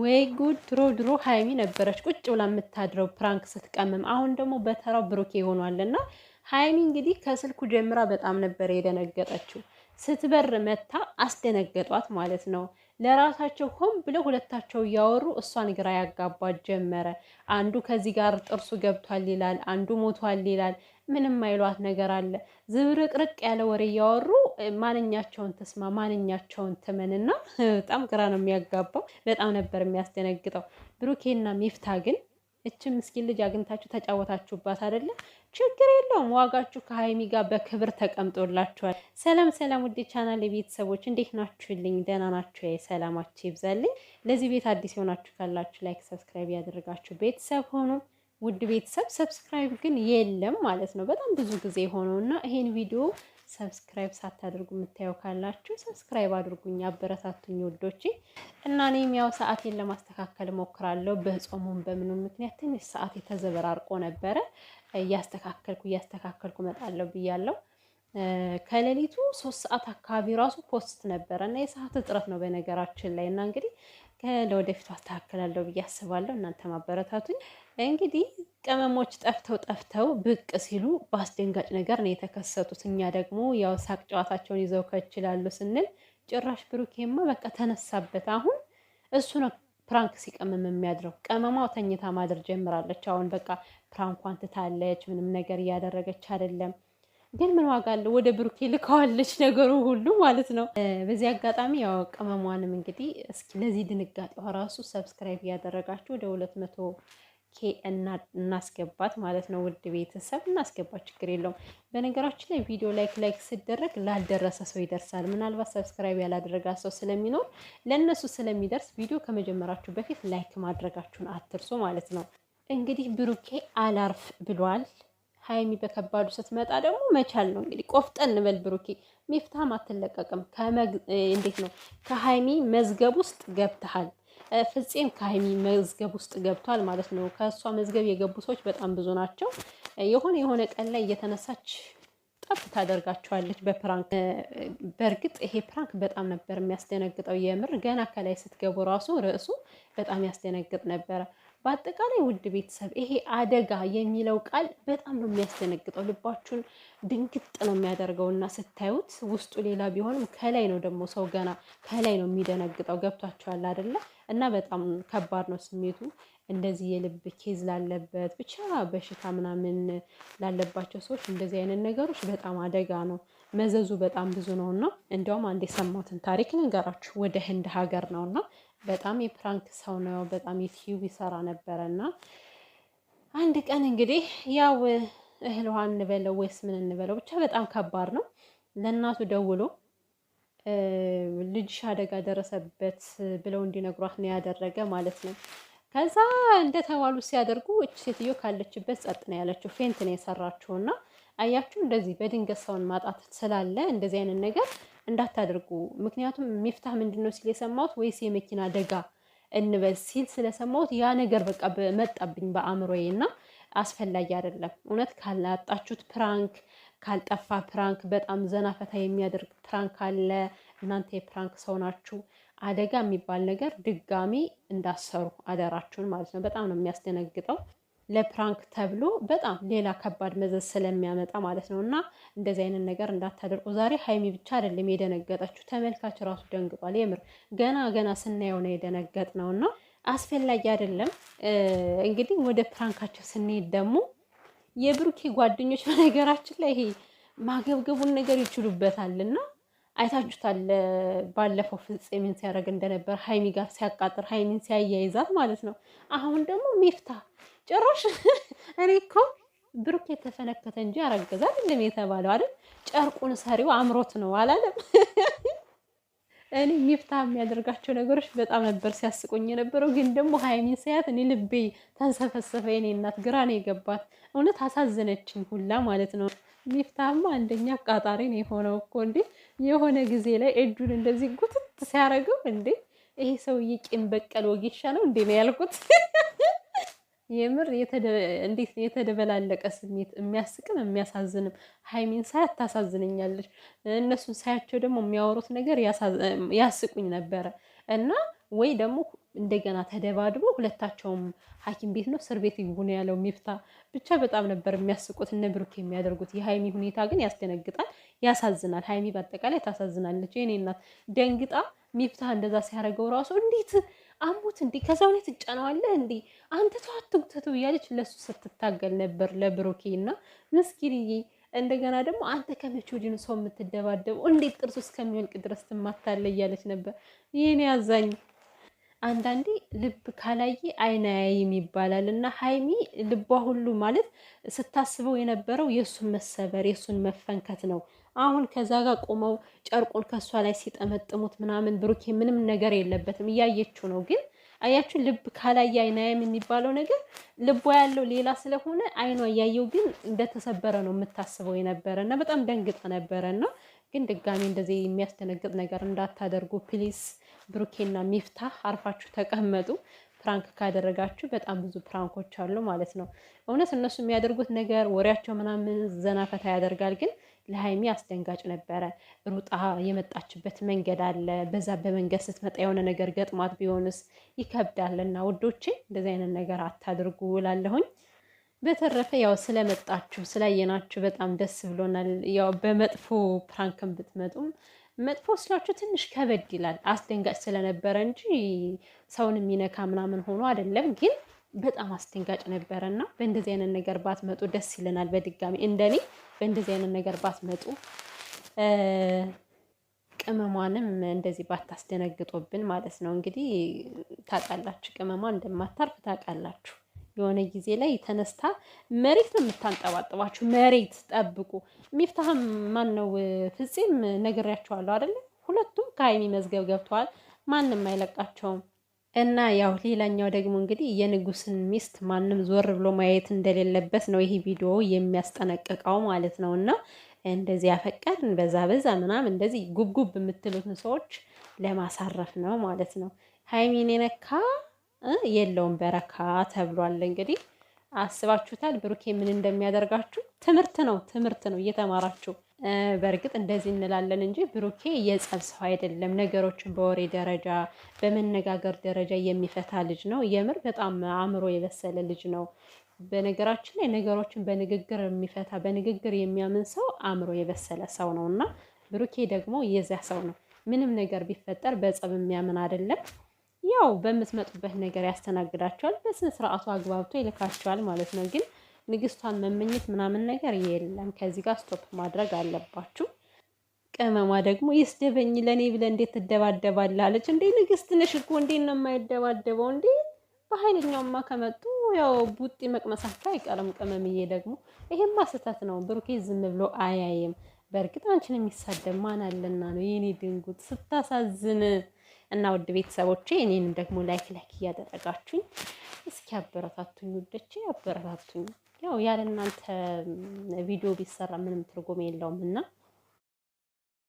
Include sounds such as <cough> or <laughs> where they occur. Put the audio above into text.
ወይ ጉድ! ድሮ ድሮ ሀይሚ ነበረች ቁጭ ብላ የምታድረው ፕራንክ ስትቀምም፣ አሁን ደግሞ በተራው ብሩኬ ሆኗልና ሀይሚ እንግዲህ ከስልኩ ጀምራ በጣም ነበር የደነገጠችው። ስትበር መታ አስደነገጧት ማለት ነው። ለራሳቸው ሆን ብለው ሁለታቸው እያወሩ እሷን ግራ ያጋባት ጀመረ። አንዱ ከዚህ ጋር ጥርሱ ገብቷል ይላል፣ አንዱ ሞቷል ይላል። ምንም አይሏት ነገር አለ። ዝብርቅርቅ ያለ ወሬ እያወሩ ማንኛቸውን ትስማ ማንኛቸውን ትመንና በጣም ግራ ነው የሚያጋባው። በጣም ነበር የሚያስደነግጠው። ብሩኬና ሚፍታ ግን እች ምስኪን ልጅ አግኝታችሁ ተጫወታችሁባት አይደለ? ችግር የለውም ዋጋችሁ ከሀይሚ ጋር በክብር ተቀምጦላችኋል። ሰላም ሰላም፣ ውዴ ቻናል የቤተሰቦች እንዴት ናችሁልኝ? ደህና ናችሁ? ሰላማችሁ ይብዛልኝ። ለዚህ ቤት አዲስ የሆናችሁ ካላችሁ ላይክ፣ ሰብስክራይብ ያደረጋችሁ ቤተሰብ ሆኑ። ውድ ቤተሰብ ሰብስክራይብ ግን የለም ማለት ነው። በጣም ብዙ ጊዜ እና ይሄን ቪዲዮ ሰብስክራይብ ሳታደርጉ የምታየው ካላችሁ ሰብስክራይብ አድርጉኝ፣ አበረታቱኝ ውዶቼ። እና እኔም ያው ሰዓቴን ለማስተካከል እሞክራለሁ። በጾሙም በምኑ ምክንያት ትንሽ ሰዓቴ ተዘበራርቆ ነበረ። እያስተካከልኩ እያስተካከልኩ እመጣለሁ ብያለሁ። ከሌሊቱ ሶስት ሰዓት አካባቢ ራሱ ፖስት ነበረ እና የሰዓት እጥረት ነው በነገራችን ላይ እና እንግዲህ ለወደፊቱ አስተካክላለሁ ብዬ አስባለሁ። እናንተ ማበረታቱኝ። እንግዲህ ቅመሞች ጠፍተው ጠፍተው ብቅ ሲሉ በአስደንጋጭ ነገር ነው የተከሰቱት። እኛ ደግሞ ያው ሳቅ ጨዋታቸውን ይዘው ከችላሉ ስንል ጭራሽ ብሩኬማ በቃ ተነሳበት። አሁን እሱ ነው ፕራንክ ሲቀመም የሚያድረው። ቅመማው ተኝታ ማድር ጀምራለች። አሁን በቃ ፕራንኳን ትታለች። ምንም ነገር እያደረገች አይደለም። ግን ምን ዋጋ አለው? ወደ ብሩኬ ልከዋለች ነገሩ ሁሉ ማለት ነው። በዚህ አጋጣሚ ያው ቅመሟንም እንግዲህ እስኪ ለዚህ ድንጋጤዋ ራሱ ሰብስክራይብ እያደረጋችሁ ወደ ሁለት መቶ ኬ እናስገባት ማለት ነው። ውድ ቤተሰብ እናስገባት፣ ችግር የለውም። በነገራችን ላይ ቪዲዮ ላይክ ላይክ ሲደረግ ላልደረሰ ሰው ይደርሳል። ምናልባት ሰብስክራይብ ያላደረጋ ሰው ስለሚኖር ለእነሱ ስለሚደርስ ቪዲዮ ከመጀመራችሁ በፊት ላይክ ማድረጋችሁን አትርሱ ማለት ነው። እንግዲህ ብሩኬ አላርፍ ብሏል። ሀይሚ በከባዱ ስትመጣ ደግሞ መቻል ነው እንግዲህ ቆፍጠን እንበል ብሩኬ። ሚፍታም አትለቀቅም። እንዴት ነው ከሀይሚ መዝገብ ውስጥ ገብተሃል ፍፄም ከሀይሚ መዝገብ ውስጥ ገብቷል ማለት ነው። ከእሷ መዝገብ የገቡ ሰዎች በጣም ብዙ ናቸው። የሆነ የሆነ ቀን ላይ እየተነሳች ጠብ ታደርጋቸዋለች በፕራንክ። በእርግጥ ይሄ ፕራንክ በጣም ነበር የሚያስደነግጠው። የምር ገና ከላይ ስትገቡ ራሱ ርዕሱ በጣም ያስደነግጥ ነበረ። በአጠቃላይ ውድ ቤተሰብ ይሄ አደጋ የሚለው ቃል በጣም ነው የሚያስደነግጠው። ልባችሁን ድንግጥ ነው የሚያደርገው እና ስታዩት ውስጡ ሌላ ቢሆንም ከላይ ነው ደግሞ ሰው ገና ከላይ ነው የሚደነግጠው። ገብቷቸዋል አደለ? እና በጣም ከባድ ነው ስሜቱ። እንደዚህ የልብ ኬዝ ላለበት ብቻ በሽታ ምናምን ላለባቸው ሰዎች እንደዚህ አይነት ነገሮች በጣም አደጋ ነው። መዘዙ በጣም ብዙ ነውና እንዲያውም አንድ የሰማሁትን ታሪክ ልንገራችሁ። ወደ ህንድ ሀገር ነውና በጣም የፕራንክ ሰው ነው። በጣም የቲዩብ ይሰራ ነበረና አንድ ቀን እንግዲህ ያው እህል ውሃ እንበለው ወይስ ምን እንበለው ብቻ በጣም ከባድ ነው። ለእናቱ ደውሎ ልጅሽ አደጋ ደረሰበት ብለው እንዲነግሯት ነው ያደረገ ማለት ነው። ከዛ እንደተባሉ ሲያደርጉ እች ሴትዮ ካለችበት ጸጥ ነው ያለችው፣ ፌንት ነው የሰራችው። እና አያችሁ እንደዚህ በድንገት ሰውን ማጣት ስላለ እንደዚህ አይነት ነገር እንዳታደርጉ። ምክንያቱም ሚፍታህ ምንድን ነው ሲል የሰማሁት ወይስ የመኪና አደጋ እንበል ሲል ስለሰማሁት ያ ነገር በቃ መጣብኝ በአእምሮዬ እና አስፈላጊ አይደለም። እውነት ካላጣችሁት ፕራንክ ካልጠፋ ፕራንክ በጣም ዘናፈታ የሚያደርግ ፕራንክ አለ። እናንተ የፕራንክ ሰው ናችሁ። አደጋ የሚባል ነገር ድጋሚ እንዳሰሩ አደራችሁን ማለት ነው። በጣም ነው የሚያስደነግጠው ለፕራንክ ተብሎ በጣም ሌላ ከባድ መዘዝ ስለሚያመጣ ማለት ነው። እና እንደዚህ አይነት ነገር እንዳታደርጉ። ዛሬ ሀይሚ ብቻ አይደለም የደነገጠችው፣ ተመልካች ራሱ ደንግጧል። የምር ገና ገና ስናየው ነው የደነገጥ ነው እና አስፈላጊ አይደለም። እንግዲህ ወደ ፕራንካቸው ስንሄድ ደግሞ የብሩኬ ጓደኞች በነገራችን ላይ ይሄ ማገብገቡን ነገር ይችሉበታል ይችሉበታልና አይታችሁታል። ባለፈው ፍፄምን ሲያደርግ እንደነበር ሀይሚ ጋር ሲያቃጥር ሀይሚን ሲያያይዛት ማለት ነው። አሁን ደግሞ ሚፍታ ጭራሽ <laughs> እኔ እኮ ብሩኬ የተፈነከተ እንጂ ያረገዛል እንደም የተባለው አይደል? ጨርቁን ሰሪው አምሮት ነው አላለም? <laughs> እኔ ሚፍታ የሚያደርጋቸው ነገሮች በጣም ነበር ሲያስቁኝ የነበረው። ግን ደግሞ ሀይሚን ሳያት እኔ ልቤ ተንሰፈሰፈ። የኔ እናት ግራ ነው የገባት። እውነት አሳዘነችኝ ሁላ ማለት ነው። ሚፍታማ አንደኛ አቃጣሪ ነው የሆነው እኮ እንዴ! የሆነ ጊዜ ላይ እጁን እንደዚህ ጉትት ሲያደርገው እንዴ! ይሄ ሰውዬ ቂም በቀል ወጌሻ ነው እንዴ ነው ያልኩት። የምር እንዴት የተደበላለቀ ስሜት የሚያስቅም የሚያሳዝንም። ሀይሚን ሳያት ታሳዝነኛለች፣ እነሱን ሳያቸው ደግሞ የሚያወሩት ነገር ያስቁኝ ነበረ እና ወይ ደግሞ እንደገና ተደባድቦ ሁለታቸውም ሐኪም ቤት ነው እስር ቤት ይሁን ያለው ሚፍታ ብቻ በጣም ነበር የሚያስቁት እነ ብሩክ የሚያደርጉት። የሀይሚ ሁኔታ ግን ያስደነግጣል፣ ያሳዝናል። ሀይሚ በአጠቃላይ ታሳዝናለች። የኔ እናት ደንግጣ ሚፍታ እንደዛ ሲያደርገው ራሱ እንዴት አሞት እንዲህ ከሰው ላይ ትጫነዋለህ እንዲህ አንተ ተው ተተው እያለች ለሱ ስትታገል ነበር ለብሩኬ እና ምስኪንዬ። እንደገና ደግሞ አንተ ከመቼ ወዲህ ነው ሰው የምትደባደበው? እንዴት ጥርሱ እስከሚወልቅ ድረስ ትማታለህ? እያለች ነበር። ይህን ያዛኝ አንዳንዴ ልብ ካላየ አይን አያይም ይባላል እና ሀይሚ ልቧ ሁሉ ማለት ስታስበው የነበረው የእሱን መሰበር የእሱን መፈንከት ነው። አሁን ከዛ ጋር ቆመው ጨርቁን ከእሷ ላይ ሲጠመጥሙት ምናምን ብሩኬ ምንም ነገር የለበትም፣ እያየችው ነው። ግን አያችሁ ልብ ካላየ አይናየም የሚባለው ነገር ልቧ ያለው ሌላ ስለሆነ አይኗ እያየው ግን እንደተሰበረ ነው የምታስበው የነበረ እና በጣም ደንግጠ ነበረ ነው። ግን ድጋሚ እንደዚህ የሚያስደነግጥ ነገር እንዳታደርጉ ፕሊስ። ብሩኬና ሚፍታህ አርፋችሁ ተቀመጡ። ፕራንክ ካደረጋችሁ በጣም ብዙ ፕራንኮች አሉ ማለት ነው። እውነት እነሱ የሚያደርጉት ነገር ወሬያቸው ምናምን ዘና ፈታ ያደርጋል፣ ግን ለሀይሚ አስደንጋጭ ነበረ። ሩጣ የመጣችበት መንገድ አለ። በዛ በመንገድ ስትመጣ የሆነ ነገር ገጥሟት ቢሆንስ ይከብዳልና ውዶቼ እንደዚህ አይነት ነገር አታድርጉ እላለሁኝ። በተረፈ ያው ስለመጣችሁ ስላየናችሁ በጣም ደስ ብሎናል። ያው በመጥፎ ፕራንክን ብትመጡም መጥፎ ስላችሁ ትንሽ ከበድ ይላል። አስደንጋጭ ስለነበረ እንጂ ሰውን የሚነካ ምናምን ሆኖ አይደለም፣ ግን በጣም አስደንጋጭ ነበረ እና በእንደዚህ አይነት ነገር ባትመጡ ደስ ይለናል። በድጋሚ እንደኔ በእንደዚህ አይነት ነገር ባትመጡ ቅመሟንም እንደዚህ ባታስደነግጦብን ማለት ነው። እንግዲህ ታውቃላችሁ፣ ቅመሟን እንደማታርፍ ታውቃላችሁ። የሆነ ጊዜ ላይ ተነስታ መሬት ነው የምታንጠባጥባችሁ። መሬት ጠብቁ። ሚፍታህም ማን ነው ፍጼም ነግሬያቸዋለሁ አይደለ? ሁለቱም ከሀይሚ መዝገብ ገብተዋል። ማንም አይለቃቸውም። እና ያው ሌላኛው ደግሞ እንግዲህ የንጉስን ሚስት ማንም ዞር ብሎ ማየት እንደሌለበት ነው ይሄ ቪዲዮ የሚያስጠነቅቀው ማለት ነው። እና እንደዚህ ያፈቀርን በዛ በዛ ምናምን እንደዚህ ጉብጉብ የምትሉትን ሰዎች ለማሳረፍ ነው ማለት ነው። ሀይሚን የነካ የለውም በረካ ተብሏል። እንግዲህ አስባችሁታል ብሩኬ ምን እንደሚያደርጋችሁ። ትምህርት ነው ትምህርት ነው እየተማራችሁ። በእርግጥ እንደዚህ እንላለን እንጂ ብሩኬ የጸብ ሰው አይደለም። ነገሮችን በወሬ ደረጃ በመነጋገር ደረጃ የሚፈታ ልጅ ነው። የምር በጣም አእምሮ የበሰለ ልጅ ነው። በነገራችን ላይ ነገሮችን በንግግር የሚፈታ በንግግር የሚያምን ሰው አእምሮ የበሰለ ሰው ነው እና ብሩኬ ደግሞ የዚያ ሰው ነው። ምንም ነገር ቢፈጠር በጸብ የሚያምን አይደለም። ያው በምትመጡበት ነገር ያስተናግዳቸዋል። በስነ ስርዓቱ አግባብቶ ይልካቸዋል ማለት ነው። ግን ንግስቷን መመኘት ምናምን ነገር የለም። ከዚህ ጋር ስቶፕ ማድረግ አለባችሁ። ቅመማ ደግሞ ይስደበኝ ለእኔ ብለ እንዴት ትደባደባለ? አለች። እንዴ ንግስት ነሽ እኮ እንዴት ነው የማይደባደበው እንዴ? በኃይለኛውማ ከመጡ ያው ቡጢ መቅመሳቸው አይቀርም። ቅመምዬ ደግሞ ይሄማ ስህተት ነው። ብሩኬ ዝም ብሎ አያይም። በእርግጥ አንቺን የሚሳደብ ማን አለና ነው የኔ ድንጉት ስታሳዝን እና ውድ ቤተሰቦቼ እኔንም ደግሞ ላይክ ላይክ እያደረጋችሁኝ እስኪ አበረታቱኝ፣ ውዶቼ አበረታቱኝ። ያው ያለ እናንተ ቪዲዮ ቢሰራ ምንም ትርጉም የለውም እና